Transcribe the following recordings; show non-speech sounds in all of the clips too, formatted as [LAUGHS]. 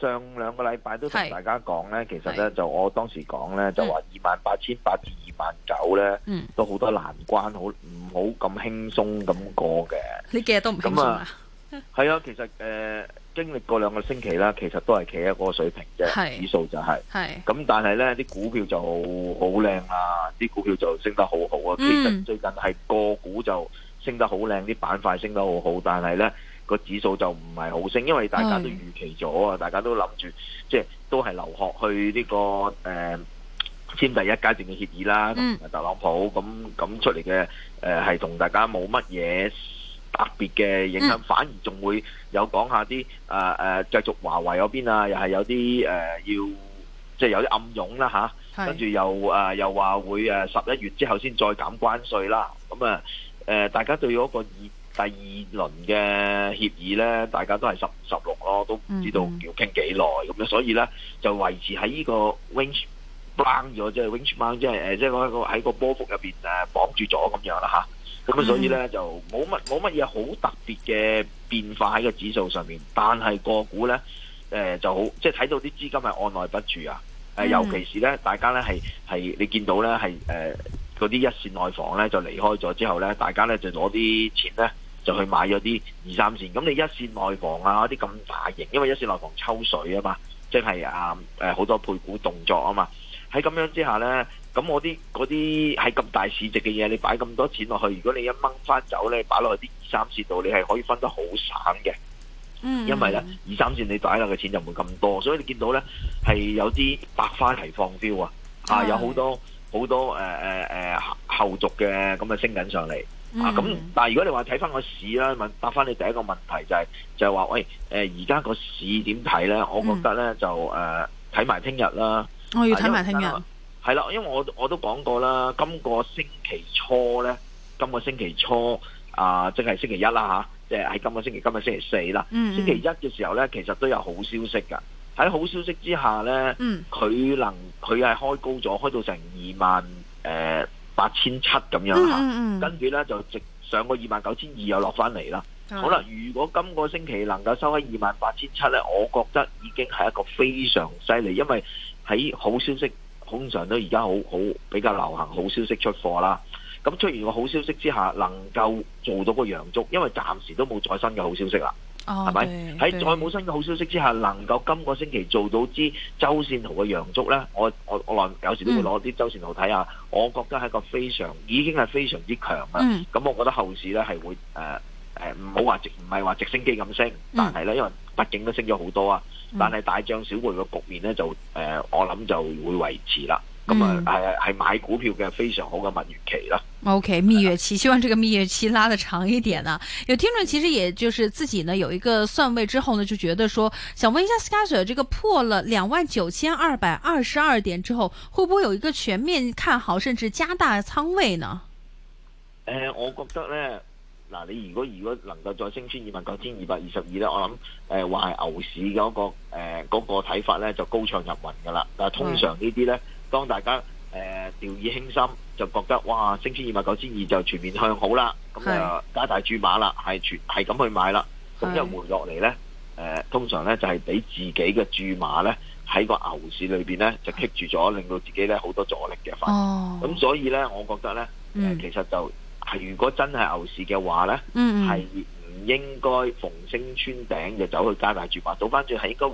上兩個禮拜都同大家講咧，其實咧就我當時講咧，就話二萬八千八至二萬九咧，都好多難關，好唔好咁輕鬆咁過嘅？你幾日都唔輕鬆啊？係啊， [LAUGHS] 其實誒、呃、經歷過兩個星期啦，其實都係企一個水平啫，指數就係、係。咁但係咧啲股票就好靚啊，啲股票就升得好好啊、嗯，其實最近係個股就。升得好靚，啲板塊升得好好，但係呢個指數就唔係好升，因為大家都預期咗啊，大家都諗住即係都係留學去呢、這個誒、呃、簽第一階段嘅協議啦，嗯、特朗普咁咁出嚟嘅誒係同大家冇乜嘢特別嘅影響，嗯、反而仲會有講下啲誒誒，繼續華為嗰邊啊，又係有啲誒、呃、要即係、就是、有啲暗湧啦吓，跟住又誒、呃、又話會誒十一月之後先再減關稅啦，咁啊～誒、呃，大家對嗰個二第二輪嘅協議咧，大家都係十十五十六咯，都唔知道要傾幾耐咁樣，所以咧就維持喺呢個 range band 咗，即、就、係、是、range band 即係誒，即係講喺個波幅入邊誒綁住咗咁樣啦吓，咁所以咧、嗯、就冇乜冇乜嘢好特別嘅變化喺個指數上面，但係個股咧誒、呃、就好，即係睇到啲資金係按捺不住啊、呃嗯，尤其是咧，大家咧係係你見到咧係誒。是呃嗰啲一線內房咧就離開咗之後咧，大家咧就攞啲錢咧就去買咗啲二三線。咁你一線內房啊啲咁大型，因為一線內房抽水啊嘛，即係啊誒好多配股動作啊嘛。喺咁樣之下咧，咁我啲嗰啲喺咁大市值嘅嘢，你擺咁多錢落去，如果你一掹翻走咧，擺落去啲二三線度，你係可以分得好散嘅。嗯。因為呢，嗯、二三線你擺落嘅錢就唔會咁多，所以你見到咧係有啲百花齊放標啊，嗯、啊有好多。好多誒誒誒後續嘅咁嘅升緊上嚟、嗯、啊！咁但係如果你話睇翻個市啦，問答翻你第一個問題就係、是、就係、是、話喂誒而家個市點睇咧？我覺得咧就誒睇埋聽日啦。我要睇埋聽日係啦，因為我我都講過啦，今個星期初咧，今個星期初啊、呃，即係星期一啦吓，即係喺今個星期，今日星期四啦。嗯嗯，星期一嘅時候咧，其實都有好消息㗎。喺好消息之下呢，嗯，佢能，佢係開高咗，開到成二萬八千七咁樣，嗯嗯嗯，跟住呢，就直上個二萬九千二又落翻嚟啦。好啦，如果今個星期能夠收喺二萬八千七呢，我覺得已經係一個非常犀利，因為喺好消息，通常都而家好好比較流行好消息出貨啦。咁出完個好消息之下，能夠做到個陽燭，因為暫時都冇再新嘅好消息啦。係咪？喺再冇新嘅好消息之下，能夠今個星期做到支周線圖嘅陽燭咧，我我我有時都會攞啲周線圖睇下、嗯，我覺得係一個非常已經係非常之強啦！咁、嗯、我覺得後市咧係會誒誒唔好話直唔係話直升機咁升，但係咧因為畢竟都升咗好多啊，但係大漲小回嘅局面咧就誒、呃、我諗就會維持啦。咁、嗯、啊，係係買股票嘅非常好嘅蜜月期啦。OK，蜜月期，希望這個蜜月期拉得長一點啊！有聽眾其實也就是自己呢有一個算位之後呢，就覺得說，想問一下 Scouser，這個破了兩萬九千二百二十二點之後，會不會有一個全面看好，甚至加大倉位呢？誒、呃，我覺得呢，嗱，你如果如果能夠再升穿二萬九千二百二十二呢，我諗誒話係牛市嗰個誒嗰、呃那個睇法呢，就高唱入雲噶啦。但通常呢啲呢。嗯當大家誒、呃、掉以輕心，就覺得哇升穿二萬九千二就全面向好啦，咁就、呃、加大注碼啦，係全係咁去買啦。咁就回落嚟呢，誒、呃、通常呢就係俾自己嘅注碼呢，喺個牛市裏面呢，就棘住咗，令到自己呢好多阻力嘅份。咁、哦、所以呢，我覺得呢，呃、其實就、嗯、如果真係牛市嘅話呢，係、嗯、唔、嗯、應該逢升穿頂就走去加大注碼，倒翻轉係應該。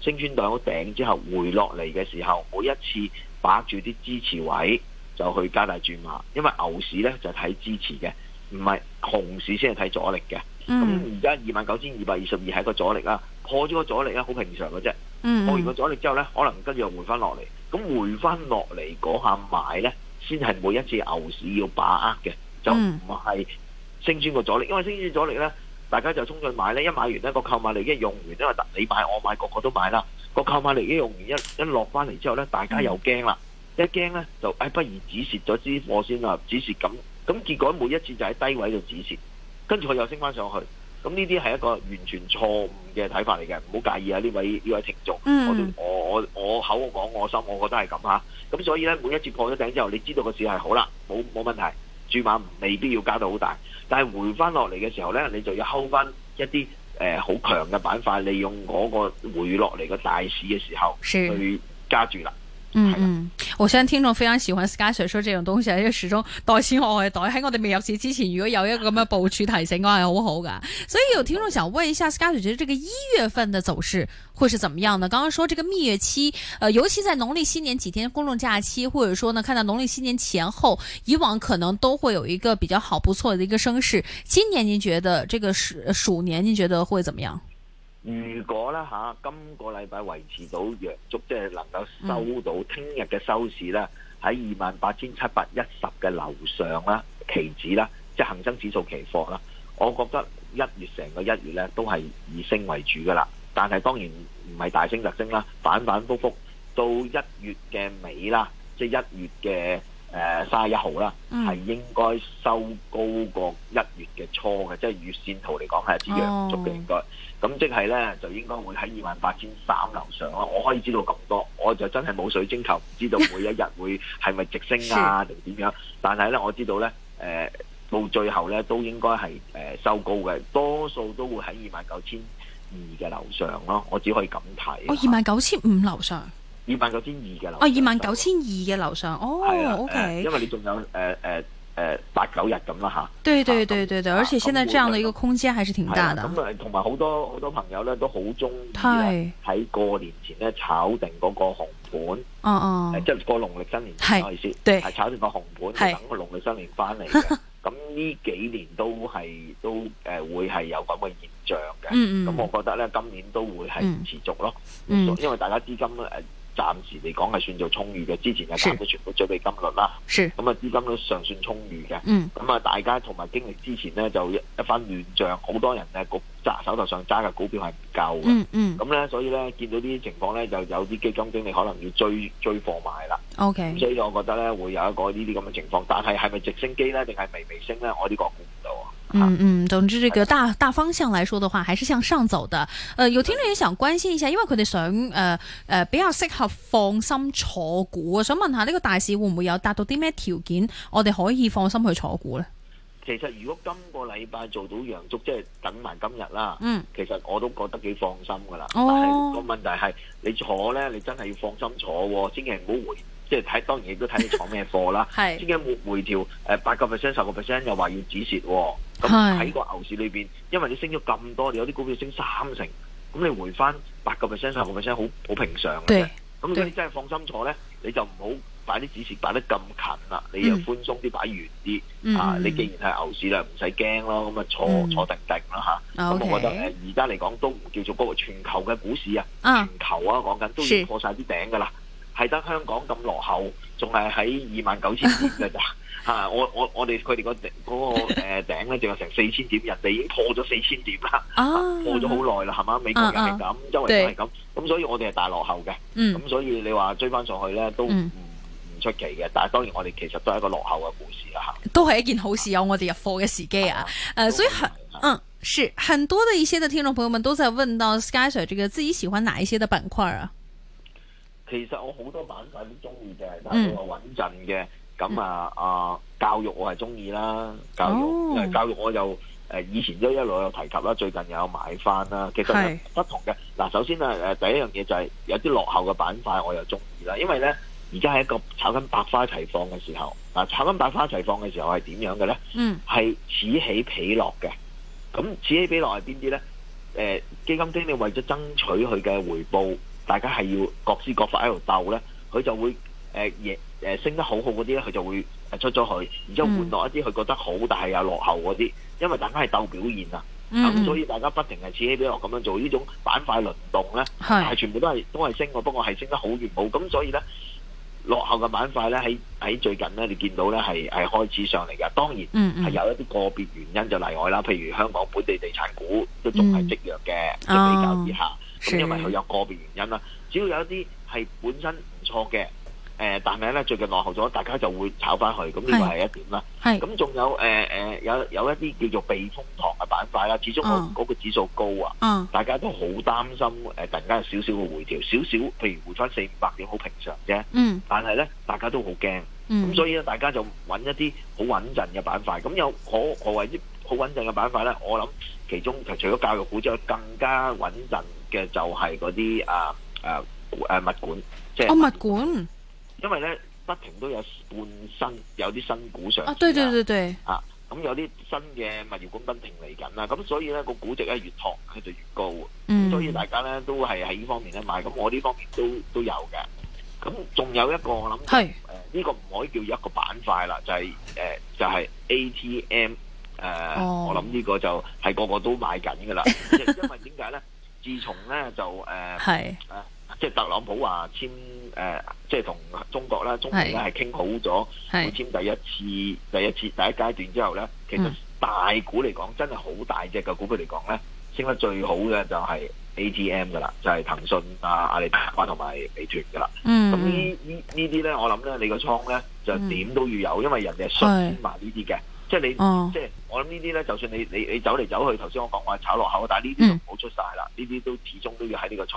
升穿到頂之後回落嚟嘅時候，每一次把握住啲支持位就去加大轉碼，因為牛市呢，就睇支持嘅，唔係熊市先係睇阻力嘅。咁而家二萬九千二百二十二係一個阻力啦，破咗個阻力啦，好平常嘅啫。破完個阻力之後呢，可能跟住又回翻落嚟，咁回翻落嚟嗰下買呢，先係每一次牛市要把握嘅，就唔係升穿個阻力，因為升穿阻力呢，大家就衝進買咧，一買完咧個購買力一用完，因為你買我買，個個都買啦。個購買力一用完，一一落翻嚟之後咧，大家又驚啦，一驚咧就，哎不如止蝕咗支貨先啦，止蝕咁，咁結果每一次就喺低位度止蝕，跟住佢又升翻上去。咁呢啲係一個完全錯誤嘅睇法嚟嘅，唔好介意啊呢位呢位聽眾，我我我,我口我講我心，我覺得係咁吓。咁所以咧，每一次破咗頂之後，你知道個市係好啦，冇冇問題。注碼未必要加到好大，但係回翻落嚟嘅時候呢，你就要收翻一啲誒好強嘅板塊，利用嗰個回落嚟嘅大市嘅時候去加住啦。嗯嗯，我相信聽眾非常喜歡 Sky 指說這種東西，因為始終袋錢我係袋喺我哋未入市之前，如果有一個咁樣部署提醒，我係好好噶。所以有聽眾想問一下，Sky 覺得這個一月份的走勢會是怎麼樣呢？剛剛說這個蜜月期，呃，尤其在農曆新年幾天公眾假期，或者說呢，看到農曆新年前後，以往可能都會有一個比較好不錯的一個升勢。今年您覺得這個鼠鼠、呃、年，您覺得會怎麼樣？如果咧、啊、今個禮拜維持到約足，即係能夠收到聽日嘅收市咧喺二萬八千七百一十嘅樓上啦，期指啦，即係恆生指數期貨啦，我覺得一月成個一月咧都係以升為主噶啦，但係當然唔係大升特升啦，反反覆覆到一月嘅尾啦，即係一月嘅。誒、呃，三十一號啦，係、嗯、應該收高過一月嘅初嘅，即係月線圖嚟講係一支陽燭嘅應該，咁、哦、即係咧就應該會喺二萬八千三樓上咯。我可以知道咁多，我就真係冇水晶球，唔知道每一日會係咪直升啊定點 [LAUGHS] 樣。但係咧，我知道咧，誒、呃、到最後咧都應該係誒收高嘅，多數都會喺二萬九千二嘅樓上咯。我只可以咁睇，我二萬九千五樓上。二萬九千二嘅樓，二萬九千二嘅上,、啊、樓上哦，OK。因為你仲有八九日咁啦嚇。對對對對對,對、啊，而且現在這樣的，一個空間還是挺大的。咁啊，同埋好多好多朋友咧，都好中意喺過年前咧炒定嗰個紅盤。哦哦，呃、即係過農曆新年對係炒定個紅盤，等個農曆新年翻嚟。咁 [LAUGHS] 呢幾年都係都會係有咁嘅現象嘅。咁、嗯嗯、我覺得咧，今年都會係持續咯、嗯。因為大家資金誒。呃暫時嚟講係算做充裕嘅，之前又減咗全部準備金率啦，咁啊資金都尚算充裕嘅。咁、嗯、啊大家同埋經歷之前咧就一一番亂象，好多人咧股揸手頭上揸嘅股票係唔夠嘅，咁、嗯、咧、嗯、所以咧見到呢啲情況咧，就有啲基金經理可能要追追貨買啦。OK，所以我覺得咧會有一個呢啲咁嘅情況，但係係咪直升機咧定係微微升咧？我呢個。嗯嗯，總之這個大大方向來說的話，還是向上走的。誒、呃，有聽眾也想關心一下，因為佢哋想，誒、呃、誒、呃，比較適合放心坐股啊。想問下呢個大市會唔會有達到啲咩條件，我哋可以放心去坐股呢？其實如果今個禮拜做到陽燭，即係等埋今日啦。嗯。其實我都覺得幾放心噶啦。哦。但係個問題係你坐呢，你真係要放心坐，千祈唔好回。即係睇，當然亦都睇你坐咩貨啦。最近回回調，誒八個 percent、十個 percent 又話要止蝕喎。咁喺個牛市裏邊，因為你升咗咁多，你有啲股票升三成，咁你回翻八個 percent、十個 percent，好好平常嘅。咁你真係放心坐咧，你就唔好擺啲止蝕擺得咁近啦，你又寬鬆啲擺、嗯、遠啲、嗯、啊！你既然係牛市啦，唔使驚咯，咁啊坐、嗯、坐定定啦嚇。咁、嗯啊 okay，我覺得誒，而家嚟講都唔叫做嗰個全球嘅股市啊，全球啊講緊都已經破晒啲頂噶啦。係得香港咁落後，仲係喺二萬九千點嘅咋、 [LAUGHS] 啊、我我我哋佢哋個頂嗰個誒頂咧，仲有成四千點， [LAUGHS] 人哋已經破咗四千點啦、啊啊啊，破咗好耐啦，係嘛？美國人係咁、啊，周圍人係咁，咁、啊、所以我哋係大落後嘅，咁、嗯啊、所以你話追翻上去咧都唔、嗯、出奇嘅。但係當然我哋其實都係一個落後嘅故事啊，都係一件好事、啊，有、啊、我哋入貨嘅時機啊，啊，啊。所以很嗯、啊、是很多的一些的聽眾朋友們都在問到 SkySir 這、啊、個、啊、自己喜歡哪一些的板塊啊？其實我好多板塊都中意嘅，但係我穩陣嘅。咁、嗯、啊啊、嗯，教育我係中意啦，教育、哦、教育我又誒以前都一路有提及啦，最近又有買翻啦。其實不同嘅嗱，首先啊誒第一樣嘢就係、是、有啲落後嘅板塊我又中意啦，因為咧而家係一個炒緊百花齊放嘅時候，嗱炒緊百花齊放嘅時候係點樣嘅咧？嗯，係此起彼落嘅。咁此起彼落係邊啲咧？誒，基金經理為咗爭取佢嘅回報。大家係要各施各法喺度鬥咧，佢就會誒嘢、呃、升得好好嗰啲咧，佢就會出咗去，然之後換落一啲佢覺得好但係、嗯、又落後嗰啲，因為大家係鬥表現啊，咁、嗯、所以大家不停係此起彼落咁樣做，呢、嗯、種板塊輪動咧，係全部都係都係升嘅，不過係升得好與冇，咁所以咧落後嘅板塊咧喺喺最近咧，你見到咧係係開始上嚟嘅，當然係有一啲個別原因就例外啦、嗯，譬如香港本地地產股都仲係積弱嘅、嗯、比較之下。哦因為佢有個別原因啦，只要有一啲係本身唔錯嘅，誒、呃，但係咧最近落後咗，大家就會炒翻去。咁呢個係一點啦。係，咁、嗯、仲有誒誒、呃，有有一啲叫做避風塘嘅板塊啦，始終嗰嗰個指數高啊、哦，大家都好擔心誒、呃，突然間有少少嘅回調，少少譬如回翻四五百點，好平常啫。嗯，但係咧大家都好驚，咁、嗯嗯、所以咧大家就揾一啲好穩陣嘅板塊。咁有何何為一好穩陣嘅板塊咧？我諗其中係除咗教育股之外，更加穩陣嘅就係嗰啲啊啊誒物管即係物管、哦，因為咧不停都有半新有啲新股上市啦、啊，啊咁、啊、有啲新嘅物業股都平嚟緊啦，咁所以咧個估值，一越托佢就越高、嗯，所以大家咧都係喺呢方面咧買，咁我呢方面都都有嘅。咁仲有一個我諗係誒呢個唔可以叫一個板塊啦，就係、是、誒、呃、就係、是、ATM 誒、呃哦，我諗呢個就係個個都買緊噶啦， [LAUGHS] 因為點解咧？自從咧就誒、呃，即係特朗普話簽誒、呃，即係同中國啦、中國咧係傾好咗，會簽第一次、第一次、第一階段之後咧，其實大股嚟講真係好大隻嘅股票嚟講咧，升得最好嘅就係 ATM 㗎啦，就係、是、騰訊啊、阿里巴巴同埋美團㗎啦。咁、嗯、呢呢呢啲咧，我諗咧你個倉咧就點都要有，嗯、因為人哋係信埋呢啲嘅。即係你，哦、即係我諗呢啲咧，就算你你你走嚟走去，頭先我講話炒落口，但係呢啲就唔好出晒啦，呢、嗯、啲都始終都要喺呢個初。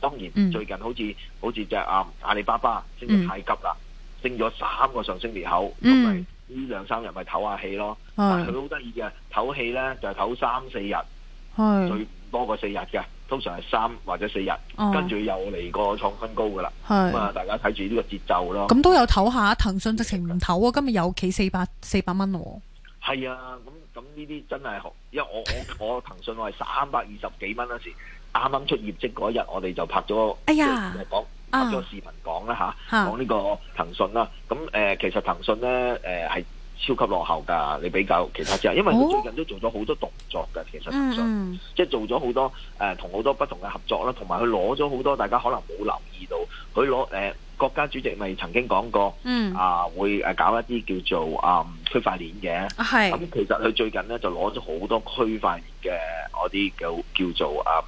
當然最近好似、嗯、好似隻、就係、啊阿里巴巴升得太急啦、嗯，升咗三個上升裂口，咁咪呢兩三日咪唞下氣咯。但係佢好得意嘅唞氣咧，就係、是、唞三四日，最唔多過四日嘅。通常係三或者四日，跟、哦、住又嚟個創新高噶啦。咁啊，咁大家睇住呢個節奏咯。咁都有唞下，騰訊直情唔唞啊！今日有企四百四百蚊咯。係、哦、啊，咁咁呢啲真係，因為我我我騰訊我係三百二十幾蚊嗰時，啱 [LAUGHS] 啱出業績嗰日，我哋就拍咗哎呀，講拍咗視頻講啦吓，講、啊、呢個騰訊啦。咁誒、呃，其實騰訊咧誒係。呃超級落後㗎，你比較其他之後，因為佢最近都做咗好多動作㗎、哦，其實、嗯、即係做咗好多誒同好多不同嘅合作啦，同埋佢攞咗好多大家可能冇留意到，佢攞誒國家主席咪曾經講過，啊、嗯呃、會誒搞一啲叫做啊、嗯、區塊鏈嘅，咁、嗯、其實佢最近咧就攞咗好多區塊鏈嘅嗰啲叫叫做啊、嗯、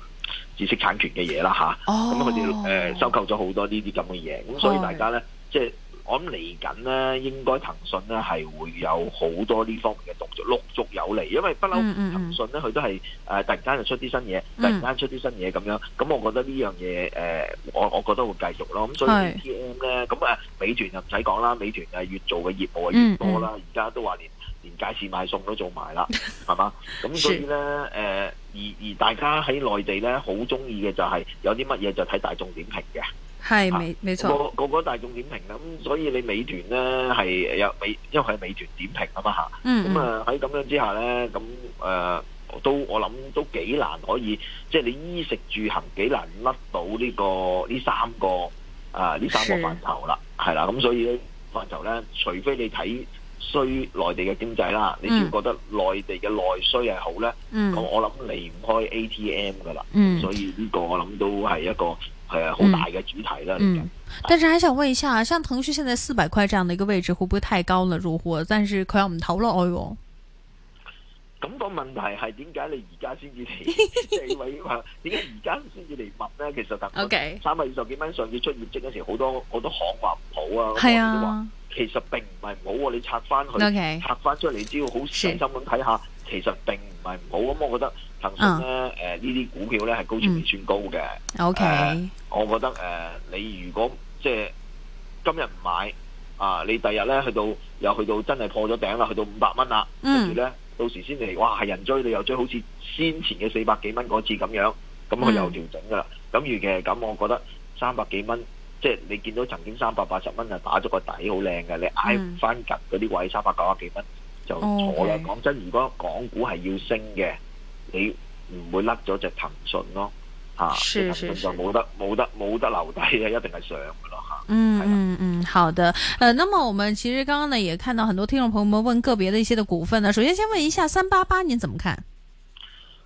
知識產權嘅嘢啦吓，咁佢哋誒收購咗好多呢啲咁嘅嘢，咁所以大家咧即係。我諗嚟緊咧，應該騰訊咧係會有好多呢方面嘅動作陸續有嚟，因為不嬲騰訊咧，佢都係誒、呃、突然間就出啲新嘢，突然間出啲新嘢咁樣。咁我覺得呢樣嘢誒，我我覺得會繼續咯。咁所以 T M 咧，咁誒美團就唔使講啦，美團誒越做嘅業務越多啦。而、嗯、家、嗯嗯、都話連連街市買餸都做埋啦，係 [LAUGHS] 嘛？咁所以咧誒、呃，而而大家喺內地咧好中意嘅就係、是、有啲乜嘢就睇大眾點評嘅。係，未，冇錯。個個大眾點評，咁所以你美團咧係有美，因為係美團點評啊嘛嚇。嗯，嗯。咁啊喺咁樣之下咧，咁誒、呃、都我諗都幾難可以，即、就、係、是、你衣食住行幾難甩到呢、這個呢三個啊呢、呃、三個範疇啦，係啦。咁所以咧範疇咧，除非你睇。需內地嘅經濟啦。嗯、你只要覺得內地嘅內需係好咧？咁、嗯、我諗離唔開 ATM 噶啦、嗯，所以呢個我諗都係一個係啊好大嘅主題啦、嗯。但是還想問一下，像騰訊現在四百塊這樣的一個位置，會不會太高了入貨，但是佢又唔投落去。咁、哎那個問題係點解你而家先至嚟？你點解而家先至嚟問咧？其實大哥，三百二十幾蚊，上次出業績時候，好多好多行話唔好啊，係啊。其實並唔係唔好，你拆翻去，okay. 拆翻出嚟，只要好細心咁睇下，其實並唔係唔好咁、嗯嗯呃嗯 okay. 呃。我覺得騰訊咧，誒呢啲股票咧係高處未算高嘅。O K，我覺得誒，你如果即係今日唔買啊、呃，你第日咧去到又去到真係破咗頂啦，去到五百蚊啦，跟住，咧到時先嚟，哇係人追，你又追好似先前嘅四百幾蚊嗰次咁樣，咁佢、嗯、又調整噶啦。咁與其咁，我覺得三百幾蚊。即係你見到曾經三百八十蚊就打咗個底好靚嘅，你挨翻近嗰啲位三百九啊幾蚊就錯啦。講、okay. 真，如果港股係要升嘅，你唔會甩咗隻騰訊咯，吓、啊，你騰訊就冇得冇得冇得，得留底嘅，一定係上嘅咯，吓、啊。嗯嗯嗯，好的。誒，那麼我們其實剛剛呢也看到很多聽眾朋友們問個別的一些的股份呢，首先先問一下三八八，您怎麼看？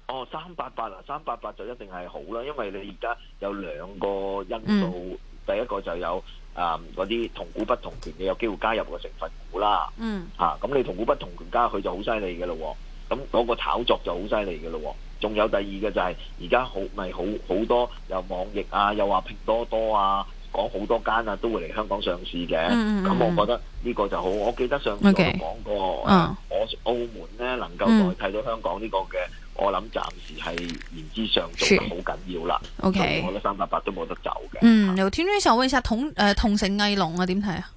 哦，三八八啊，三八八就一定係好啦，因為你而家有兩個因素、嗯。第一個就有啊嗰啲同股不同權，你有機會加入個成分股啦，嗯，嚇、啊、咁你同股不同權加佢就好犀利嘅咯，咁嗰個炒作就好犀利嘅咯，仲有第二個就係而家好咪好好多有網易啊，又話拼多多啊，講好多間啊都會嚟香港上市嘅，咁、嗯嗯、我覺得呢個就好，我記得上次我講過，嗯、okay. oh.，我澳門呢能夠代替到香港呢個嘅。嗯我諗暫時係言之上做得好緊要啦。O、okay. K，我咧三百八都冇得走嘅。嗯，啊、由天水峽我問下同誒、呃、同程藝龍啊，點睇啊？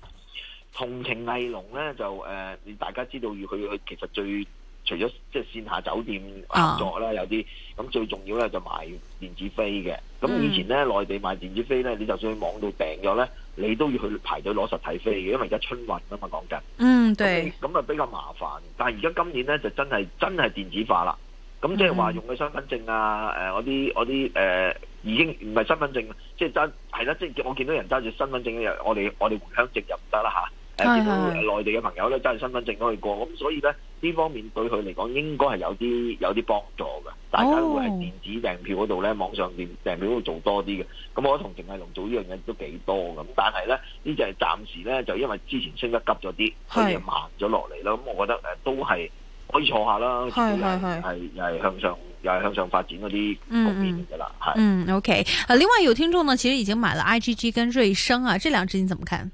同程藝龍咧就誒、呃，你大家知道，以佢佢其實最除咗即係線下酒店合作啦，有啲咁最重要咧就賣電子飛嘅。咁以前咧內、嗯、地賣電子飛咧，你就算去網度訂咗咧，你都要去排隊攞實體飛嘅，因為而家春運啊嘛，講緊。嗯，對。咁啊比較麻煩，但係而家今年咧就真係真係電子化啦。咁即係話用佢身份證啊，誒嗰啲嗰啲誒已經唔係身份證，即係揸係啦，即係、就是、我見到人揸住身份證，我哋我哋回鄉證又唔得啦吓，誒、啊、到內地嘅朋友咧揸住身份證都可以過，咁所以咧呢方面對佢嚟講應該係有啲有啲幫助嘅，大家會係電子訂票嗰度咧，oh. 網上訂票嗰度做多啲嘅，咁我同程藝龍做呢樣嘢都幾多咁，但係咧呢就係暫時咧就因為之前升得急咗啲，所以就慢咗落嚟啦，咁我覺得、呃、都係。可以坐下啦，係係係係又係向上，又係向上發展嗰啲局面嚟嘅啦，係。嗯，嗯，嗯，OK。啊，另外有聽眾呢，其實已經買了 IGG 跟瑞生啊，這兩隻你怎麼看？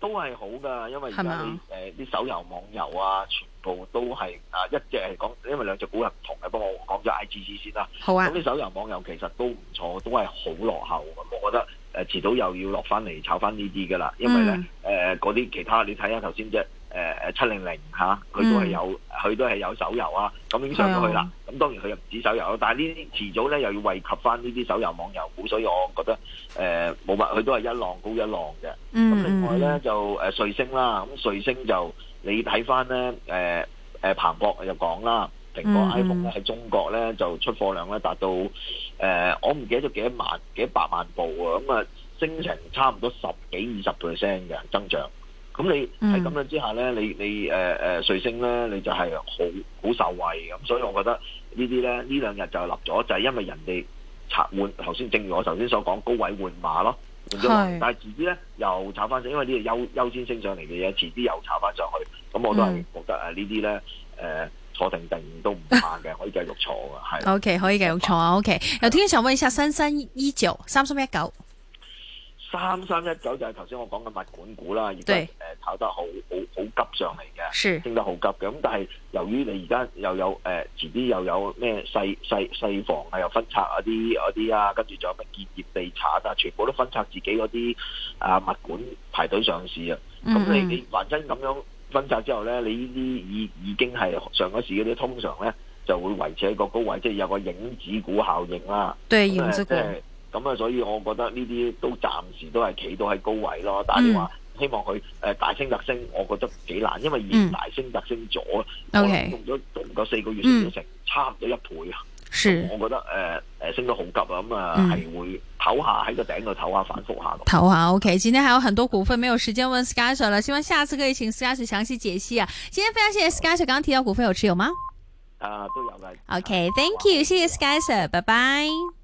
都係好噶，因為而家啲誒啲手遊網遊啊，全部都係啊一隻係講，因為兩隻股係唔同嘅。不過我講咗 IGG 先啦，好啊。咁啲手遊網遊其實都唔錯，都係好落後。咁我覺得誒、呃、遲早又要落翻嚟炒翻呢啲噶啦，因為咧誒嗰啲其他你睇下頭先隻。誒誒七零零嚇，佢、啊、都係有，佢、mm. 都係有手遊啊，咁已經上咗去啦。咁、yeah. 當然佢又唔止手遊咯，但係呢啲遲早咧又要惠及翻呢啲手遊網遊股，所以我覺得誒冇辦法，佢都係一浪高一浪嘅。咁、mm. 另外咧就誒、呃、瑞星啦，咁、嗯、瑞星就你睇翻咧誒誒彭博就講啦，蘋果 iPhone 咧喺中國咧就出貨量咧達到誒、呃、我唔記得咗幾多萬幾百萬部喎，咁啊升成差唔多十幾二十 percent 嘅增長，咁你喺咁樣之下咧，你你誒誒瑞星咧，你就係好好受惠咁，所以我覺得呢啲咧呢兩日就立咗，就係、是、因為人哋拆換頭先，正如我頭先所講，高位換馬咯，但係遲啲咧又炒翻上，因為呢個優優先升上嚟嘅嘢，遲啲又炒翻上去，咁、嗯、我都係覺得呢啲咧誒坐定定都唔怕嘅，可以繼續坐嘅，係。 [LAUGHS] OK，可以繼續坐，坐 OK，、嗯、由天祥問下新新依照三三,三,三十一九。三三一九就係頭先我講嘅物管股啦，而家誒炒得好好好急上嚟嘅，升得好急嘅。咁但係由於你而家又有誒遲啲又有咩細細細房啊，又分拆嗰啲嗰啲啊，跟住仲有乜建業地產啊，全部都分拆自己嗰啲啊物管排隊上市啊。咁、嗯、你你還真咁樣分拆之後咧，你呢啲已已經係上咗市嗰啲通常咧就會維持喺個高位，即、就、係、是、有個影子股效應啦、啊。對影子股。嗯咁、嗯、啊，所以我覺得呢啲都暫時都係企到喺高位咯。但係你話希望佢誒、嗯呃、大升特升，我覺得幾難，因為現大升特升咗，用咗都唔夠四個月先到成、嗯、差唔多一倍啊。是，我覺得誒誒、呃、升得好急啊，咁啊係會唞下喺個頂度唞下，反覆下。唞下 OK。今天還有很多股份沒有時間問 Sky Sir 了，希望下次可以請 Sky Sir 詳細解析啊。今天非常謝 Sky Sir，剛剛提到股份有持有嗎？啊，都有嘅。OK，Thank、okay, you，、啊、謝謝 Sky Sir，拜拜。拜拜。